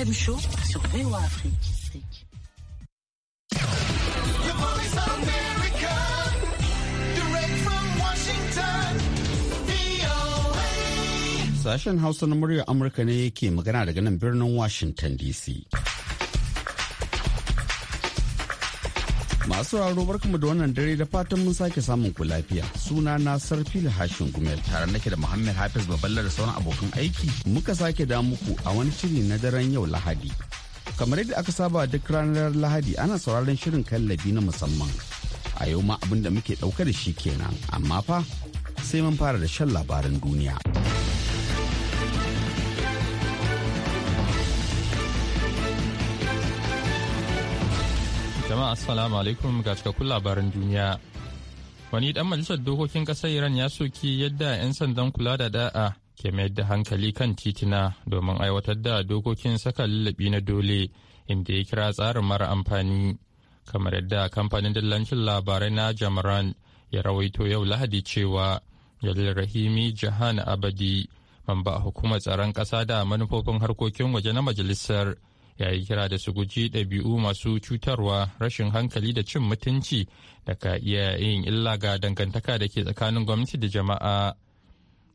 Carême Show sur VOA Afrique. Sashen Hausa na muryar Amurka ne ke magana daga nan birnin Washington DC. Masu sauraro barkamu da wannan dare da fatan mun sake samun ku lafiya. Suna na Sarfil Hashin Gumel tare nake da Muhammad Hafiz Baballa da sauran abokan aiki. Muka sake da muku a wani shiri na daren yau Lahadi. Kamar yadda aka saba duk ranar Lahadi ana sauraron shirin kallabi na musamman. A yau ma abin da muke ɗauka da shi kenan, amma fa sai mun fara da shan labaran duniya. Jama'a assalamu alaikum ga cikakkun labaran duniya. Wani dan majalisar dokokin kasar Iran ya soki yadda 'yan sandan kula da da'a ke mayar da hankali kan titina domin aiwatar da dokokin saka lallabi na dole inda ya kira tsarin mara amfani. Kamar yadda kamfanin dillancin labarai na Jamran ya rawaito yau Lahadi cewa Jalil Rahimi Jahan Abadi, mamba a hukumar tsaron kasa da manufofin harkokin waje na majalisar ya yi kira da su guji ɗabi'u masu cutarwa rashin hankali da cin mutunci da ka iya yin illa ga dangantaka da ke tsakanin gwamnati da jama'a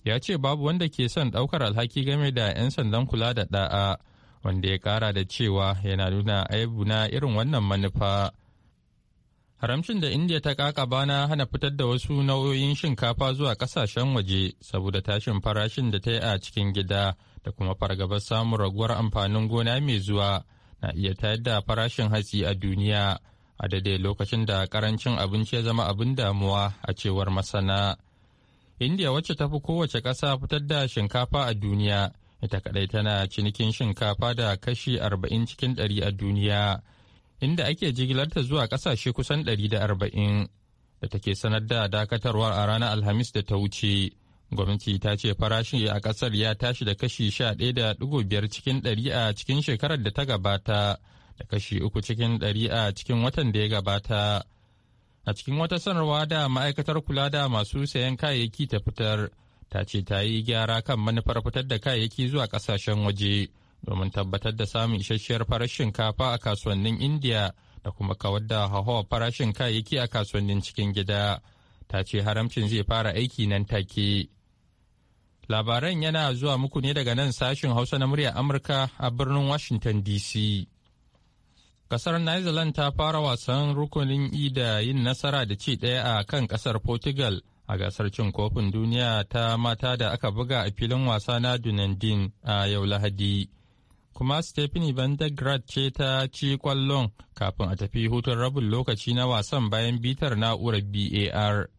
ya ce babu wanda ke son ɗaukar alhaki game da 'yan sandan kula da ɗa'a wanda ya ƙara da cewa yana nuna aibu na irin wannan manufa haramcin da indiya ta kakaba na hana fitar da wasu nau'o'in shinkafa zuwa kasashen waje saboda tashin farashin da ta yi a cikin gida da kuma fargabar samun raguwar amfanin gona mai zuwa na iya tayar da farashin hatsi a duniya a daidai lokacin da karancin abinci ya zama abin damuwa a cewar masana. India wacce ta fi kowace ƙasa fitar da shinkafa a duniya ita kadai tana cinikin shinkafa da kashi arba'in cikin 100 a duniya inda ake jigilarta zuwa ƙasashe kusan 140 da take sanar da dakatarwar a ranar Alhamis da ta wuce. Gwamnati ta ce farashin a ƙasar ya tashi da kashi da 11.5 cikin ɗari a cikin shekarar da ta gabata da kashi 3 cikin ɗari a cikin watan da ya gabata. A cikin wata sanarwa da ma'aikatar kula da masu sayan kayayyaki ta fitar, ta ce ta yi gyara kan manufar fitar da kayayyaki zuwa kasashen waje domin tabbatar da samun isasshiyar farashin kafa a kasuwannin Indiya da kuma kawar da hauhawar farashin kayayyaki a kasuwannin cikin gida. ta ce haramcin zai fara aiki nan take. Labaran yana zuwa muku ne daga nan sashin Hausa na muryar Amurka a birnin Washington DC. Kasar Netherlands ta fara wasan rukunin I e da yin nasara da ci ɗaya a kan kasar Portugal a gasar cin kofin duniya ta mata da aka buga a filin wasa na Dunedin a yau Lahadi. Kuma Stephanie van der Graat ce ta ci kwallon kafin a tafi hutun rabin lokaci na wasan bayan bitar na'urar BAR.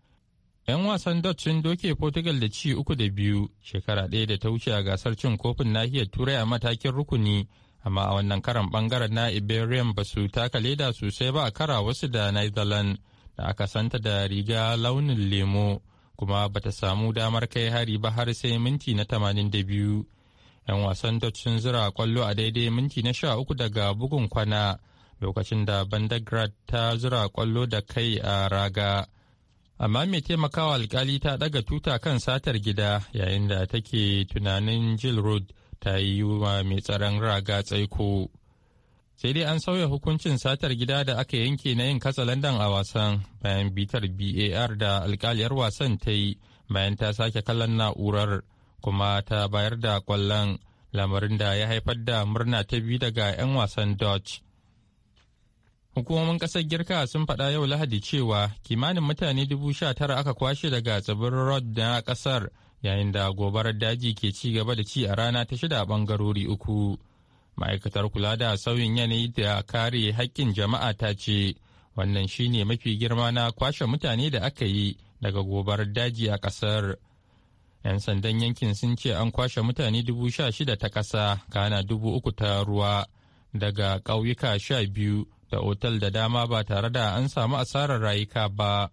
'Yan wasan Dutch sun doke Portugal da ci uku da biyu shekara ɗaya da ta wuce a gasar cin kofin nahiyar Turai a matakin rukuni, amma a wannan karan bangaren na Iberian ba su taka leda sosai ba a kara wasu da Netherlands da aka santa da riga launin lemo, kuma bata samu damar kai hari ba har sai minti na tamanin da biyu. 'Yan wasan Dutch sun zira kwallo a daidai minti na sha uku daga bugun kwana lokacin da Bandagrad ta zira kwallo da kai a raga. amma mai taimakawa alkali ta daga tuta kan satar gida yayin da take tunanin jill road ta yi wa mai tsaron raga tsaiko sai dai an sauya hukuncin satar gida da aka yanke na yin katsalandan a wasan bayan bitar bar da alkaliyar wasan ta yi bayan ta sake kallon na'urar kuma ta bayar da kwallon lamarin da ya haifar da murna ta biyu daga 'yan wasan dodge Hukumomin ƙasar Girka sun faɗa yau Lahadi cewa kimanin mutane dubu sha tara aka kwashe daga tsibirin Rod na ƙasar yayin da gobarar daji ke ci gaba da ci a rana ta shida a ɓangarori uku. Ma'aikatar kula da sauyin yanayi da kare haƙƙin jama'a ta ce wannan shine mafi girma na kwashe mutane da aka yi daga gobarar daji a ƙasar. 'Yan sandan yankin sun ce an kwashe mutane dubu sha shida ta ƙasa kana dubu uku ta ruwa daga ƙauyuka sha biyu da otal da dama ba tare da an samu asarar rayuka ba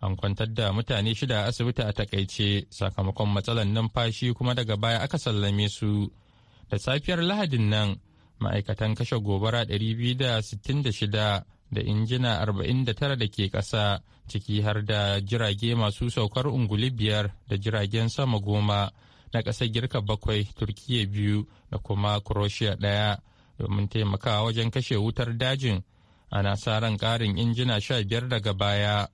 an kwantar da mutane shida a asibiti a takaice sakamakon matsalar numfashi kuma daga baya aka sallame su da safiyar lahadin nan ma'aikatan kashe gobara 266 da injina 49 da ke ƙasa ciki har da jirage masu saukar unguli biyar da jiragen sama goma na ƙasar girka bakwai turkiyya biyu da kuma croatia ɗaya domin taimakawa wajen kashe wutar dajin ana sa ran ƙarin injina sha biyar daga baya.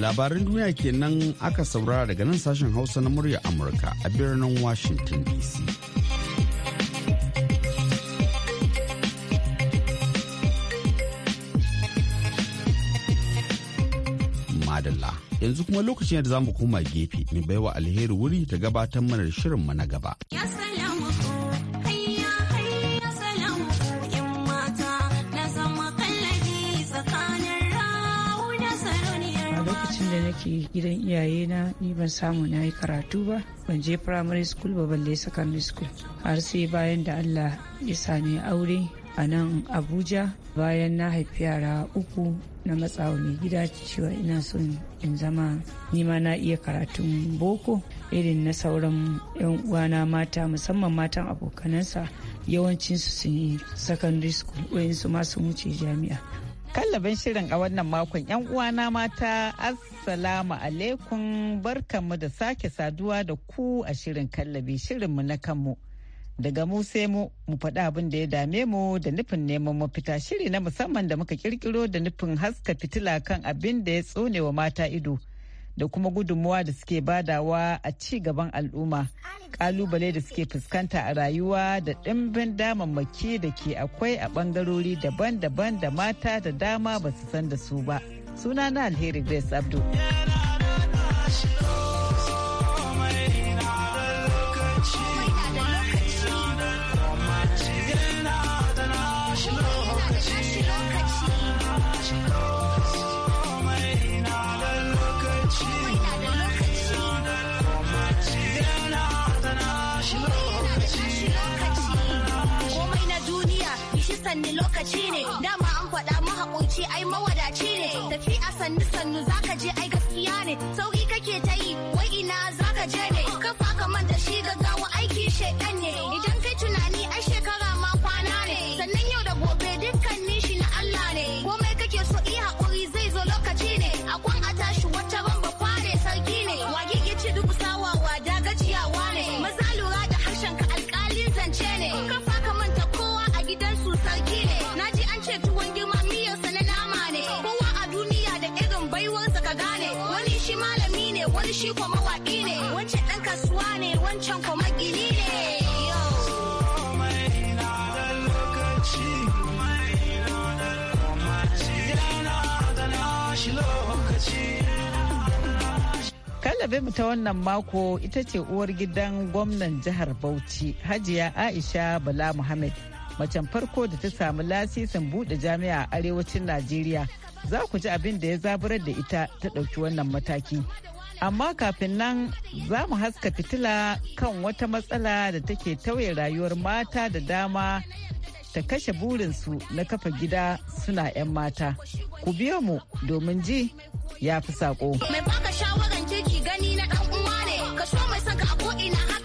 labarin duniya kenan aka saurara daga nan sashen Hausa na murya Amurka a birnin Washington DC. Madalla. yanzu kuma lokacin da za mu koma gefe mai baiwa alheri wuri ta gabatar mana da shirinmu na gaba. lokacin da nake gidan iyaye na ni ban samu na yi karatu ba ban je primary school ba balle secondary school har sai bayan da allah ya sani aure a nan abuja bayan na haifi yara uku na matsawa mai gida cewa ina son in zama nima na iya karatun boko irin na sauran yan uwana mata musamman matan abokanansa yawancinsu sun yi secondary school wayansu ma sun wuce jami'a kallabin shirin a wannan makon yan uwana mata assalamu alaikum barkanmu da sake saduwa da ku a shirin kallabi shirinmu na kanmu daga mu sai mu mu faɗi abin da ya dame mu da nufin neman mafita shiri na musamman da muka kirkiro da nufin haska fitila kan abin da ya tsone wa mata ido da kuma gudunmuwa da suke badawa a ci gaban al'umma kalubale da suke fuskanta a rayuwa da ɗimbin damammaki da ke akwai a ɓangarori daban-daban da mata da dama ba su san da su ba suna na alheri grace abdul sanni lokaci ne dama an faɗa mahaƙunci ai mawadaci ne tafi a sanni sannu zaka je ai gaskiya ne sauki kake ta yi shi ko kasuwa wancan ko mu ta wannan mako ita ce uwar gidan gwamnan jihar bauchi hajiya aisha bala muhammad macen farko da ta samu lasisin bude jami'a a arewacin najeriya za ku ji abin da ya zaburar da ita ta ɗauki wannan mataki amma kafin nan za mu haska fitila kan wata matsala da take tauye rayuwar mata da dama ta kashe burinsu na kafa gida suna 'yan mata ku biyo mu domin ji ya fi sako. mai baka shawaran kirki gani na ɗan uwa ne ka so mai sanka a ko'ina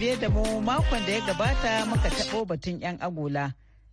biye da mu makon da ya gabata muka taɓo batun 'yan agola.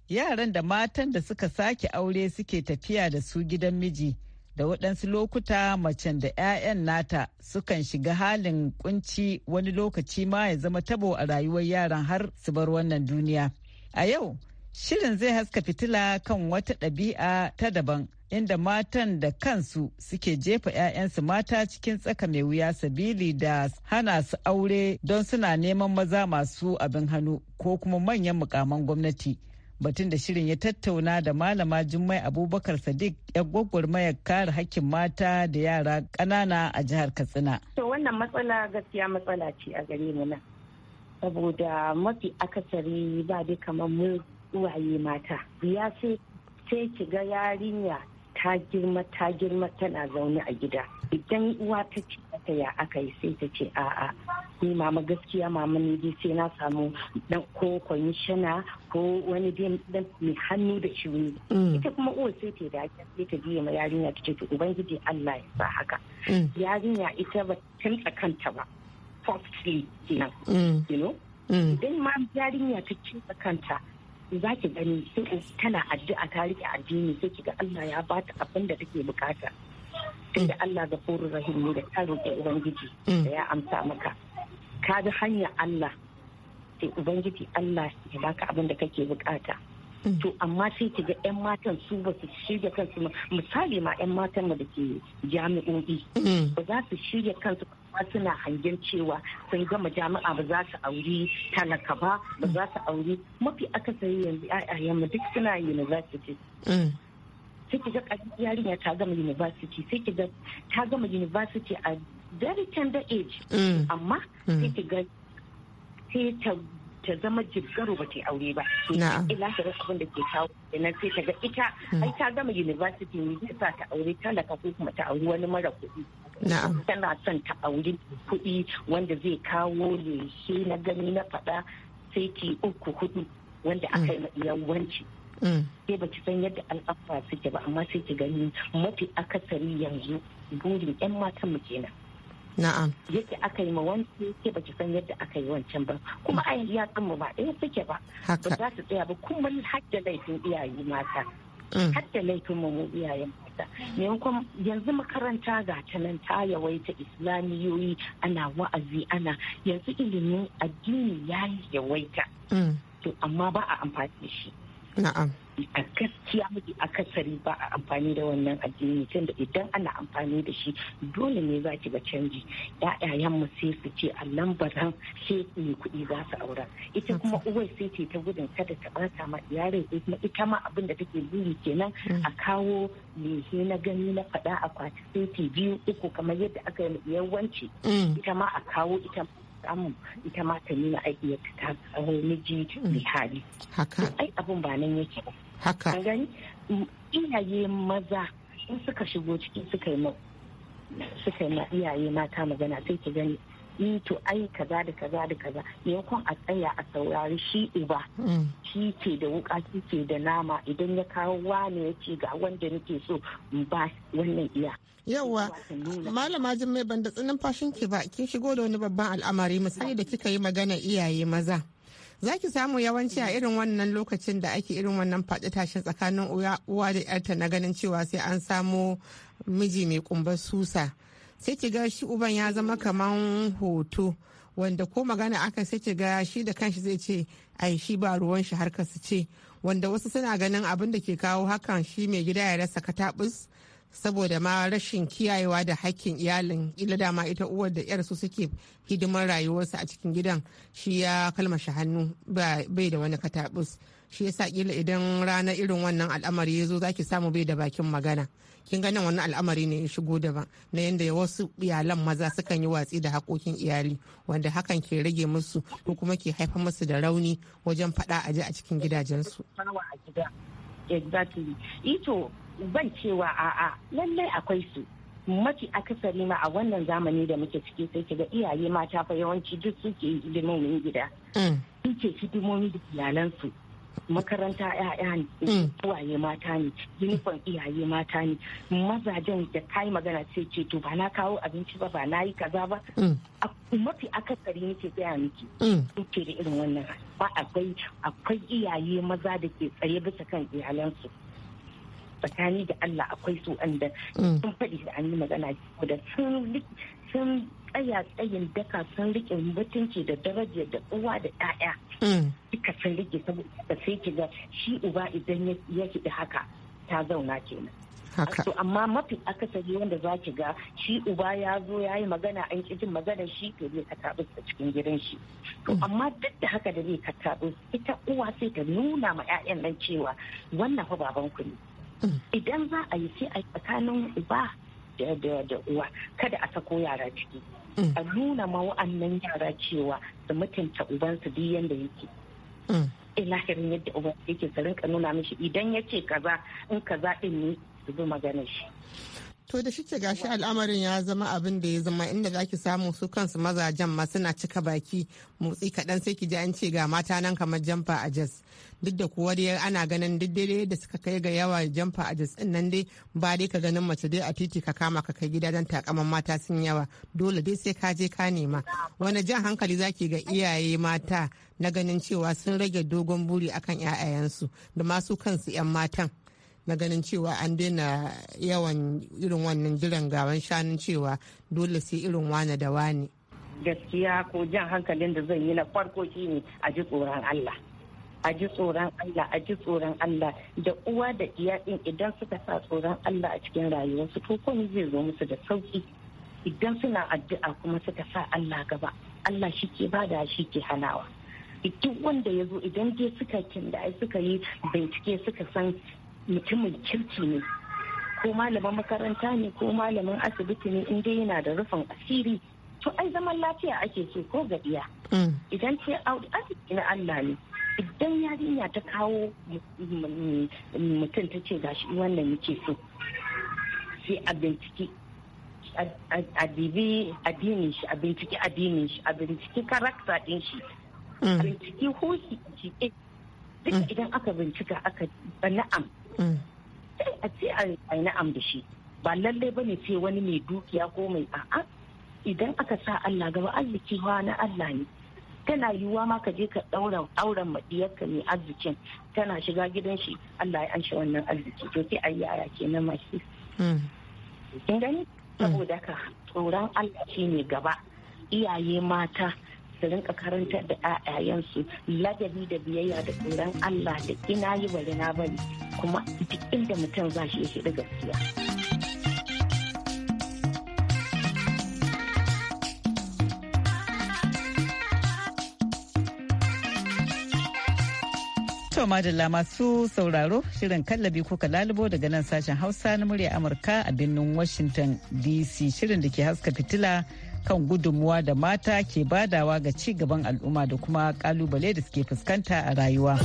Yaran da matan da suka sake aure suke tafiya da su gidan miji. Da waɗansu lokuta macen da 'ya'yan nata sukan shiga halin kunci wani lokaci ma ya zama tabo a rayuwar yaran har su bar wannan duniya. A yau, shirin zai haska fitila kan wata ɗabi'a ta daban inda matan da kansu suke jefa 'ya'yansu mata cikin tsaka mai wuya sabili da hana su aure don suna neman maza masu abin hannu ko kuma manyan mukaman gwamnati. Batun da shirin ya tattauna da malama Jummai Abubakar Sadiq ya gwagwarmayar kare hakkin mata da yara ƙanana a jihar Katsina. To wannan matsala gaskiya matsala ce a gare mu nan. Saboda mafi akasari ba dai kamar mu uwaye mata. Ya sai ki ga yarinya ta girma ta girma tana zaune a gida idan uwa ta ce mata ya aka yi sai ta ce a'a ni mama gaskiya mama ne dai sai na samu dan ko kwanishana ko wani dan mai hannu da shuni mm. ita kuma uwa sai ta da sai ta biya ma yarinya ta ce to ubangiji Allah ya sa haka mm. yarinya ita ba tun kanta ba firstly kenan you know mm. idan ma yarinya ta kanta za ki gani tana addu'a ta rike addini sai ki ga Allah ya ba ta abin da take bukata tunda Allah ga furu rahim ne da ta roƙi ubangiji mm. da ya amsa maka ka ga hanyar Allah sai ubangiji Allah ya baka abin da kake bukata mm. to amma sai ki ga yan matan su ba su shirya kansu misali ma yan matan mu da ke jami'o'i mm. ba za su shirya kansu amma suna hangen cewa sun gama jami'a ba za su auri talaka ba ba za su auri mafi akasari yanzu yamma duk suna university mm. sai ki ga yarinya ta gama university sai ki ga ta gama university a very tender age mm. amma mm. sai ki ga sai ta ta zama jirgaro ba ta aure ba. Ila ta rasa abin da ke kawo kenan sai ta ga ita ai ta gama university ne zai sa ta aure talaka ko kuma ta aure wani mara kuɗi. tana son ta auri kuɗi wanda zai kawo leshe na gani na faɗa ki uku hudu wanda aka yi yawanci sai mm. ba ki san yadda al'amura suke ba amma sai ki gani mafi akasari yanzu burin 'yan matan mu kenan Na'am. Yake aka yi ma wancan ke ki san yadda aka yi wancan ba. Kuma a yanzu ya mu ba ɗaya suke ba. Ba za su tsaya ba kuma har da laifin iyaye mata. Mm. Har da laifin mu iyayen makaranta maimakon yanzu makaranta ga ta nan ta yawaita islamiyoyi ana wa'azi ana yanzu ilimin addini ya yawaita mm. to amma ba a amfani da shi na'am a gaskiya mafi akasari ba a amfani da wannan addini tunda idan ana amfani da shi dole ne za ki ga canji ya'yayan mu sai su ce a lambaran sai mai kuɗi za su aura ita kuma uwar sai ce ta gudun kada ta bata ma ko kuma ita ma abin da take buri kenan mm. a kawo lehe na gani na faɗa a kwati sai biyu uku kamar yadda aka yi yawanci mm. ita ma a kawo ita samu ita ma ta nuna aiki ya ta miji mm. mai hali haka ai abun ba nan yake ba haka an gani mm, iyaye maza in suka shigo ciki suka yi ma iyaye mata magana sai ki gani yi e, to ai kaza da kaza da kaza maimakon a tsaya a saurari shi uba mm. shi ke da wuka shi ke da nama idan ya kawo wane ya ce ga wanda nake so in ba wannan iya yauwa malama jimmai ban da tsinin fashin ki ba kin shigo da wani babban al'amari misali da kika yi magana iyaye maza zaki samu yawanci a irin wannan lokacin da ake irin wannan faɗi tashin tsakanin uwa da yarta na ganin cewa sai an samo miji mai kumbar susa sai ki ga shi uban ya zama kaman hoto wanda ko magana aka sai ki ga shi da kanshi zai ce ai shi ba ruwan shi harkar su ce wanda wasu suna ganin abin da ke kawo hakan shi mai gida ya rasa katabus saboda ma rashin kiyayewa da hakkin iyalin ila dama ita uwar da yar su suke hidimar rayuwarsa a cikin gidan shi ya kalmashi hannu bai da wani katabus shi yasa kila idan rana irin wannan al'amari ya zo zaki samu bai da bakin magana kin ganin wani al'amari ne ya shigo daban na yadda wasu iyalan maza sukan yi watsi da haƙoƙin iyali wanda hakan ke rage musu ko kuma ke haifa musu da rauni wajen faɗa aji a cikin gidajensu. Exactly. Ito ban cewa a'a lallai akwai su mafi akasari ma a wannan zamani da muke ciki sai kaga iyaye mata fa yawanci duk suke hidimomin gida. Mm. Suke hidimomi da iyalansu. makaranta ya'ya ne mm. uwaye mata ne uniform iyaye mata ne mazajen da kai magana sai ce to ba na kawo abinci ba ba na yi kaza ba mm. mafi akasari nake tsaya miki mm. ke da irin wannan ba akwai akwai iyaye maza da ke tsaye bisa kan iyalansu tsakani da Allah akwai su wanda sun faɗi da an yi magana da sun sun tsaya tsayin daka sun rike mutunci da daraja da uwa da ɗaya mm. duka sun rike saboda sai kiga shi uba idan ya da haka ta zauna kenan haka. amma mafi akasari wanda za ki ga shi uba ya zo ya yi magana an ƙi jin magana shi to zai kataɓe a cikin gidan shi. To mm. amma duk da haka da zai kataɓe ita uwa sai ta nuna ma 'ya'yan nan cewa wannan fa baban ku ne. Mm. Idan za a yi sai a tsakanin uba da uwa kada a sako yara ciki mm. a nuna ma wa'annan yara cewa su mutunta ubansu duk yadda yake ilahirin mm. eh, yadda ubansu yake su rinka nuna mishi idan ya kaza in kaza din ne su bi maganar shi To da shi ce gashi al'amarin ya zama abin da ya zama inda za ki samu su kansu mazajen ma suna cika baki motsi kaɗan sai ki ji an ce ga mata nan kamar jamfa a jas. Duk da kuwa dai ana ganin duk dai da suka kai ga yawa jamfa a jas ɗin nan dai ba dai ka ganin mace dai a titi ka kama ka kai gida don takaman mata sun yawa dole dai sai ka je ka nema. Wani jan hankali za ki ga iyaye mata na ganin cewa sun rage dogon buri akan 'ya'yayensu da masu kansu 'yan matan. na ganin cewa an daina yawan irin wannan jiran gawan shanun cewa dole sai irin wane da wane gaskiya ko jan hankalin da zan yi na farko shine a ji tsoron Allah a ji tsoron Allah a ji tsoron Allah da uwa da iya din idan suka sa tsoron Allah a cikin rayuwarsu to komai zai zo musu da sauki idan suna addu'a kuma suka sa Allah gaba Allah shi ke bada shi ke hanawa duk wanda ya zo idan dai suka kin da ai suka yi bincike suka san mutumin kirki ne ko malamin makaranta ne ko malamin asibiti ne in dai yana da rufin asiri to ai zaman lafiya ake ce ko gaɗiya mm. idan ce asibiti na Allah ne idan yarinya ta kawo mutum ta ce gashi wannan muke so sai a bincike a dibi addinin shi a addinin shi a bincike karakta din shi a mm. bincike hoshi shi duka mm. idan aka bincika aka na'am sai a ce a yi na'am da shi ba lallai bane ce wani mai dukiya ko mai a'a idan aka sa Allah gaba wa na Allah ne tana yiwuwa ma ka je ka ɗaura auren maɗiyarka mai arzikin tana shiga gidan shi Allah ya anshi wannan arziki to sai a yaya na mashi mm. in gani mm. saboda ka tsoron Allah shi ne gaba iyaye mata su rinka karantar da 'ya'yayensu ladabi da biyayya da tsoron Allah da ina yi bari na bari kuma duk inda mutum za shi shi gaskiya. To madalla masu sauraro shirin kallabi ko lalubo daga nan sashen Hausa na murya Amurka a birnin Washington DC shirin da ke haska fitila kan gudunmuwa da mata ke badawa ga ci gaban al'umma da kuma kalubale da suke fuskanta a rayuwa.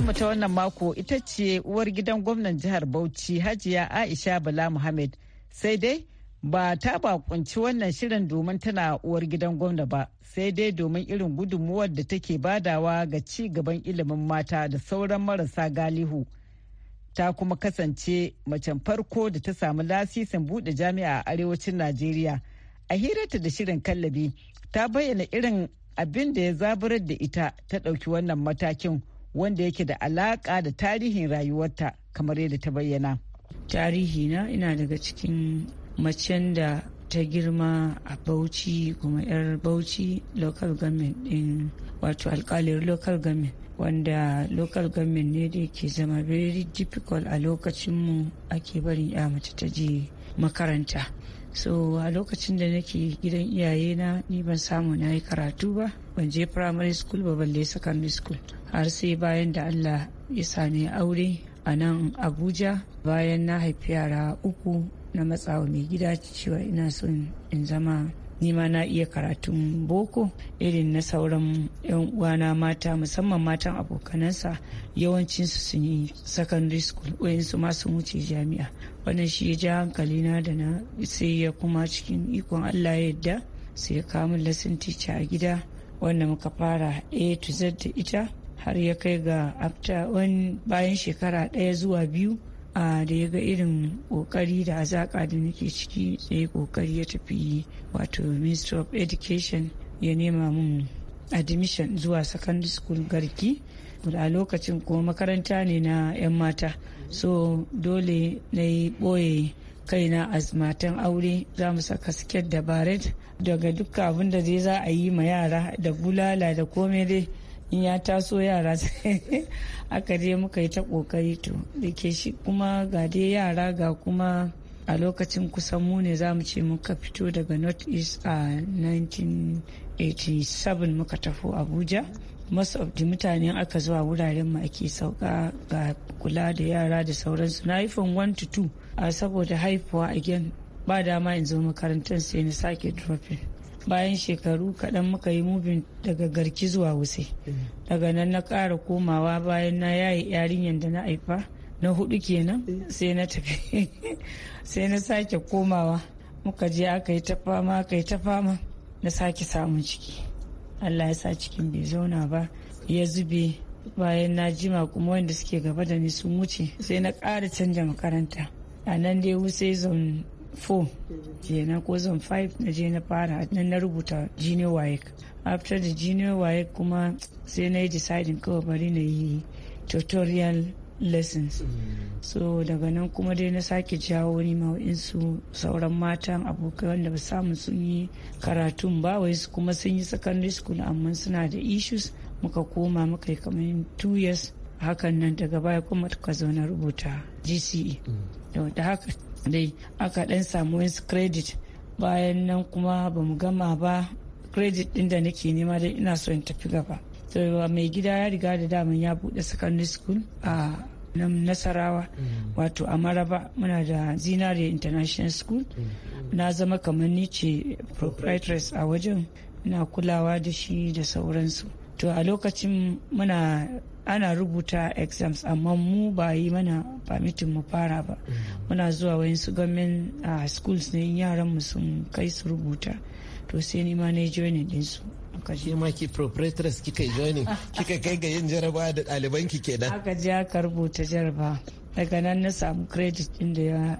mu ta wannan mako ita ce uwar gidan gwamnan jihar Bauchi Hajiya Aisha Bala Muhammad. Sai dai ba ta bakunci wannan shirin domin tana uwar gidan gwamna ba, sai dai domin irin gudunmuwar da take badawa ga ci gaban ilimin mata da sauran marasa galihu. Ta kuma kasance macen farko da ta samu lasisin buɗe jami'a a arewacin Najeriya. A hirarta da shirin kallabi ta bayyana irin abin da ya zaburar da ita ta ɗauki wannan matakin. wanda yake da alaƙa da tarihin rayuwarta kamar yadda ta bayyana. tarihina ina daga cikin macen da ta girma a Bauchi kuma 'yar Bauchi local government din wato alkalin local government wanda local government ne da ke zama very difficult a lokacinmu ake barin ya mace ta je makaranta. so a lokacin da nake gidan iyayena ni ban samu na yi karatu ba ban je primary school ba balle secondary school har sai bayan da allah ya sami aure a nan abuja bayan na haifi yara uku na matsawa mai gida cewa ina son in zama nima na iya karatun boko irin na sauran 'yan uwana mata musamman matan abokanansa yawancinsu sun yi secondary school wayansu ma sun wuce jami'a wannan shi ya ja hankalina da na sai ya kuma cikin ikon allah yadda sai ya kamun lesson teacher a gida wanda muka fara a to z da ita har ya kai ga afta wani bayan shekara ɗaya zuwa biyu a da ya ga irin kokari da azaka da nake ciki sai kokari ya tafi wato ministry of education ya nema mun admission zuwa secondary school garki a lokacin kuma makaranta ne na 'yan mata so dole na yi ɓoye kaina matan aure za mu saka siket da baret daga duk abin da zai za a yi ma yara da bulala da komai dai in ya taso yara aka je muka yi ta kokari to da ke shi kuma ga dai yara ga kuma a lokacin kusan mu ne za mu ce muka fito daga north east a 1987 muka tafi abuja most of the mutane aka zuwa wuraren mu ake sauka ga kula da yara da sauransu na haifin 1 to 2 a saboda haifuwa again ba dama in zo makarantar sai na sake dropping bayan shekaru kaɗan muka yi mubin daga garki zuwa wuse daga nan na ƙara komawa bayan na yayi yarinyar da na haifa na hudu kenan sai na tafi sai na sake komawa muka je aka yi ta fama aka yi ta fama na sake samun ciki allah ya sa cikin bai zauna ba ya zube bayan na jima kuma wanda suke gaba da ni sun wuce sai na ƙara canja makaranta a nan dai wuce fo 4 kenan ko zone 5 na je na fara nan na rubuta jini waye. after the junior waye kuma sai na yi deciding kawai bari na yi tutorial lessons so daga nan kuma dai na sake jawo ni ma su sauran matan abokai wanda ba samu sun yi karatun ba wai kuma sun yi secondary school amma suna da issues muka koma muka yi kamar two years hakan nan daga baya kuma ka zauna rubuta gce da haka dai aka dan samu wani credit bayan nan kuma ba mu gama ba credit din da nake nema dai ina so in tafi gaba mai gida ya riga da daman ya buɗe secondary school a ah, na nasarawa mm. wato a maraba muna da zinari international school mm. Mm. na zama kamar ni ce proprietress a wajen na kulawa da shi da sauransu to a lokacin muna ana rubuta exams amma mu ba yi mana permitin mu fara ba muna zuwa wayan su a ah, schools ne yaran mu sun kai su rubuta to sai ni ma na joinin dinsu shi ma ki proprietress kika ne kika kai ga yin jaraba da ɗaliban ki kenan aka je aka rubuta jaraba daga nan na samu credit din da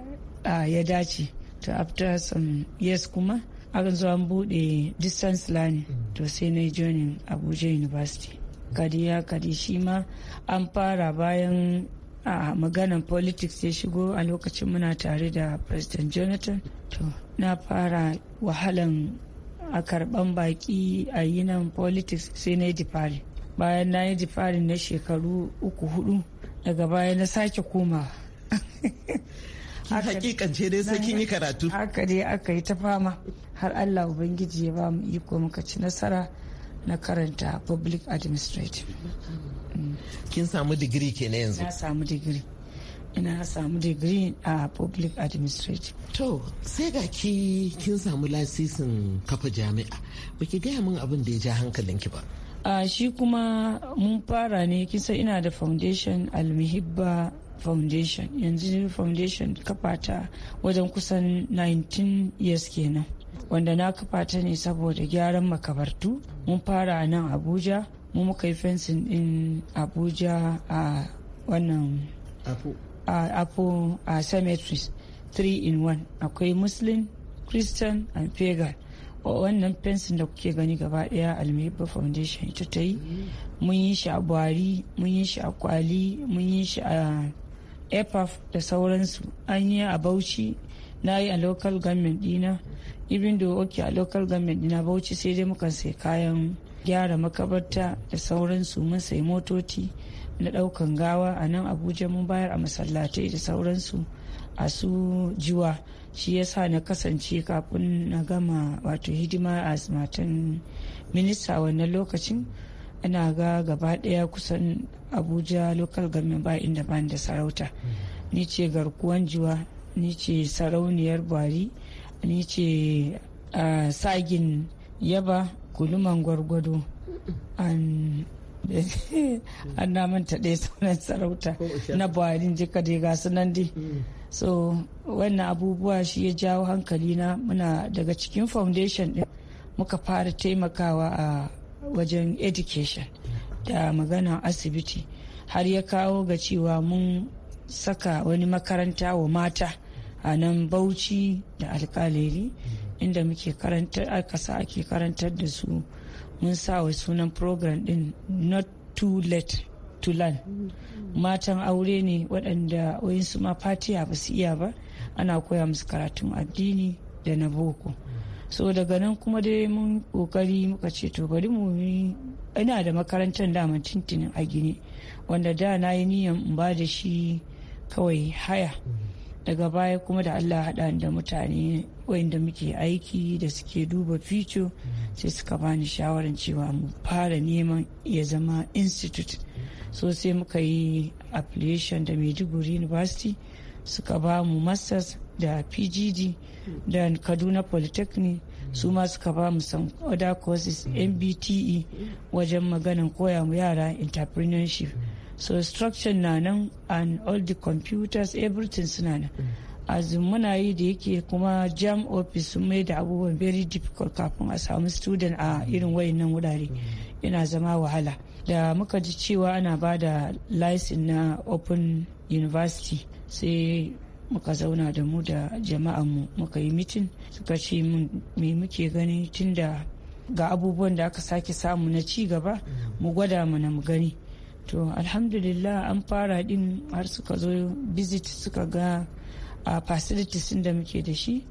ya dace to after some years kuma aka zo an bude distance learning mm. to sai na joining abuja university kadi ya kadi shi ma an fara bayan a maganan politics ya shigo a lokacin muna tare da president jonathan to na fara wahalan a karban baki a yi nan politics sai na yi jifari bayan na yi jifari na shekaru uku hudu daga baya na sake koma ce dai sai kin yi karatu haka dai aka yi ta fama har allah ubangiji ya ba mu iko muka ci nasara na karanta public administrative kin samu digiri ke yanzu na samu digiri ina samu digiri a public administrative to sai ga ki kin samu lasisin kafa jami'a baki gaya min abin da ya ja hankalinki ba a shi kuma mun fara ne kisa ina da foundation almihibba foundation yanzu foundation kafa ta wajen kusan 19 years kenan wanda na kafa ta ne saboda gyaran makabartu mun fara nan abuja mu muka yi fensin din abuja a wannan apple cemeteries 3 in 1 akwai muslim christian and pagan wannan fensin da kuke gani gaba daya almeba foundation ita ta yi mun yi shi a buhari mun yi shi a kwali mun yi shi a epaf da sauransu an yi a bauchi na yi a local government dina even though okay a local government dina bauchi sai dai muka sai kayan gyara makabarta da sauransu mun sai motoci na ɗaukan gawa a nan abuja mun bayar a masallatai da sauransu a su jiwa shi yasa na kasance kafin na gama wato hidima a matan minista wannan lokacin ana ga gaba daya kusan abuja lokal government ba inda ban da sarauta ni ce garkuwan jiwa ni ce sarauniyar bari ni ce ah, sagin yaba guluman gwargwado Eh, an na manta ɗaya sunan sarauta na buhari jika dai ga sunan dai mm. so wannan abubuwa shi ya jawo hankali na muna daga cikin foundation din muka fara taimakawa a wajen education da magana asibiti har ya kawo ga cewa mun saka wani makaranta wa mata a nan bauchi da alkaleri mm. inda muke karanta ake karantar da su mun sa wa sunan program din not too late to learn matan aure ne waɗanda wayansu ma fatiya ba su iya ba ana koya musu karatun addini da na boko so daga nan kuma dai mun kokari muka ce to bari mu ina da makarantar daman tintinin a gini wanda da na yi niyan in ba da shi kawai haya daga baya kuma da allah haɗa da mutane wayanda muke aiki da suke duba fico sai suka bani shawarar cewa mu fara neman ya zama institute so sai muka yi application da maiduguri university suka ba mu masters da pgd da kaduna polytechnic su ma suka ba mu san other courses mbte wajen maganin koya mu yara entrepreneurship so structure na nan and all the computers everything suna nan as muna yi da yake kuma jam office sun mai da abubuwan very difficult kafin a samu student a irin wayannan wurare yana zama wahala da muka ji cewa ana ba da license na open university sai muka zauna da mu da jama'anmu muka yi mitin suka ce me muke gani tun da ga abubuwan da aka sake samu na ci gaba mu gwada mu na mu gani to alhamdulillah an fara din har suka zo visit suka ga a facilities da muke da shi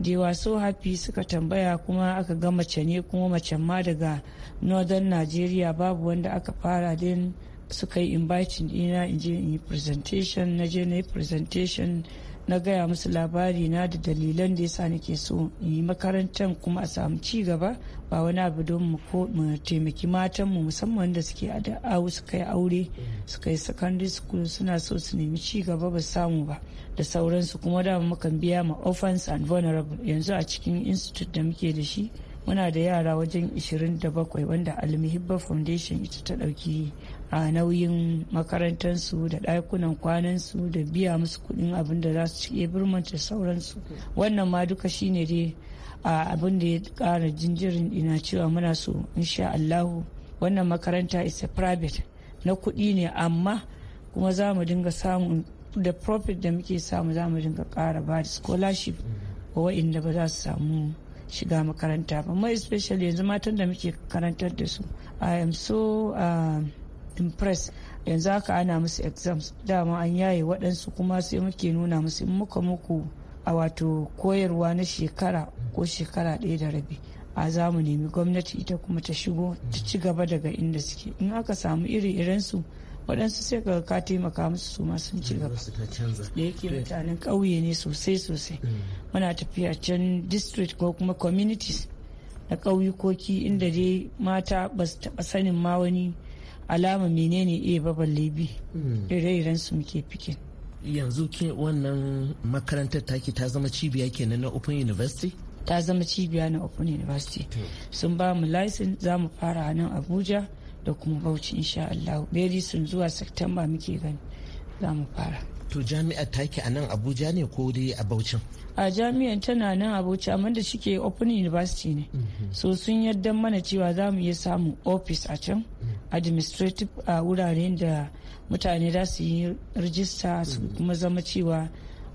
da yawa so happy suka tambaya kuma aka ga mace ne kuma mace ma daga northern nigeria babu wanda aka fara din suka yi inviting dina in je in yi presentation na je na yi presentation na gaya musu labari na da dalilan da yasa nake so yi makarantar kuma a samu ci gaba ba wani abu don mu ko mu taimaki matan mu musamman da suke da suka yi aure suka yi secondary school suna so su nemi ci gaba ba samu ba da sauransu kuma da mukan biya ma offense and vulnerable yanzu a cikin institute da muke da shi muna da yara wajen 27 wanda almihibba foundation ita ta dauki a nauyin makarantarsu da ɗakunan kwanansu da biya musu kuɗin abin da za su ci birman sauransu wannan ma duka shine dai a abin da ya kara jinjirin ina cewa muna so insha Allahu wannan makaranta is a private na kuɗi ne amma kuma za mu dinga samun da profit da muke samu za mu dinga ƙara ba da scholarship wa wa'inda ba za su samu shiga makaranta ba mai especially yanzu matan da muke karantar da su i am so um, impress yanzu haka ana musu exams dama an yaye waɗansu kuma sai muke nuna musu in muka muku a wato koyarwa na shekara ko shekara ɗaya da rabi a za mu nemi gwamnati ita kuma ta shigo ta ci gaba daga inda suke in aka samu iri irinsu waɗansu sai ga ka taimaka musu su ma sun ci gaba da yake mutanen ƙauye ne sosai sosai muna tafiya can district ko kuma communities na ƙauyukoki inda dai mata ba su taɓa sanin ma wani alama menene iya baban lebi hmm. ire-iren su muke fikin yanzu ke wannan makarantar taki ta zama cibiya kenan na open university ta zama cibiya na open university sun ba mu license za mu fara nan abuja da kuma bauchi insha allahu beri sun zuwa september muke gani za mu fara to jami'ar take a nan abuja ne ko dai a Bauchi. a jami'ar tana nan abuja amma da shike open university ne mhm. so sun yadda mana cewa za mu iya samun office a can mhm. administrative a wuraren da mutane za su yi rijista su mhm. kuma zama cewa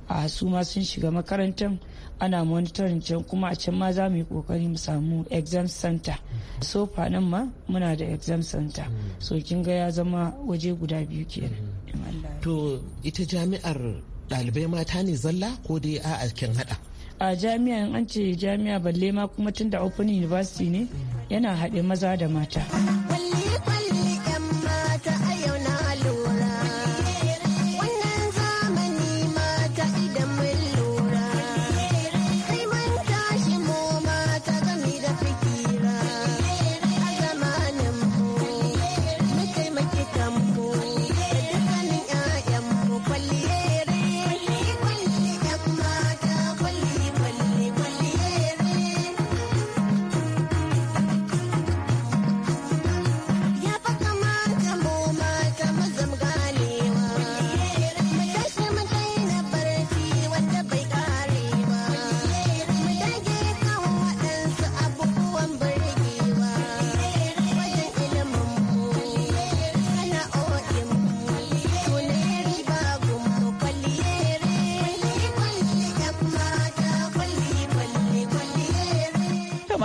a su ma sun shiga makarantar ana monitoring can kuma a can ma za mu yi kokari mu samu exam center so nan ma muna da exam center so kin ga ya zama waje guda biyu kenan To ita jami'ar ɗalibai mata ne zalla ko dai a alkin haɗa? a jami'a an ce jami'a balle ma kuma tun da open university ne yana haɗe maza da mata.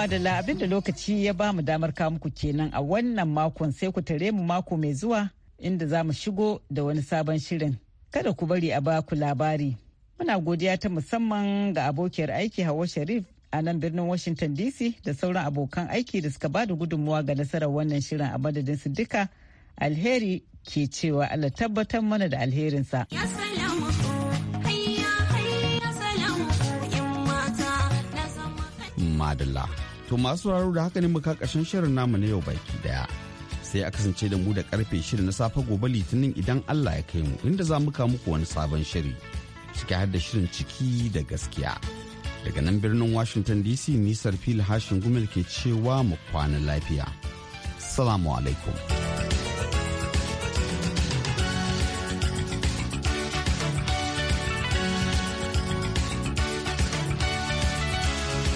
abin da lokaci ya ba mu damar kawo muku kenan a wannan makon sai ku tare mu mako mai zuwa inda za mu shigo da wani sabon shirin. Kada ku bari a ba ku labari. Muna godiya ta musamman ga abokiyar aiki Hawa Sharif a nan birnin Washington DC da sauran abokan aiki da suka ba da gudunmuwa ga nasarar wannan shirin a madadin su duka alheri ke cewa Allah tabbatar mana da alherinsa. Madalla. To masu raro da haka ne muka ƙarshen shirin namu na yau baki daya. Sai a kasance da mu da karfe shirin na safe gobe litinin idan Allah ya kai mu inda za mu kawo muku wani sabon shiri. Ciki har da shirin ciki da gaskiya. Daga nan birnin Washington DC nisar fil hashin gumel ke cewa mu kwana lafiya. Salamu alaikum.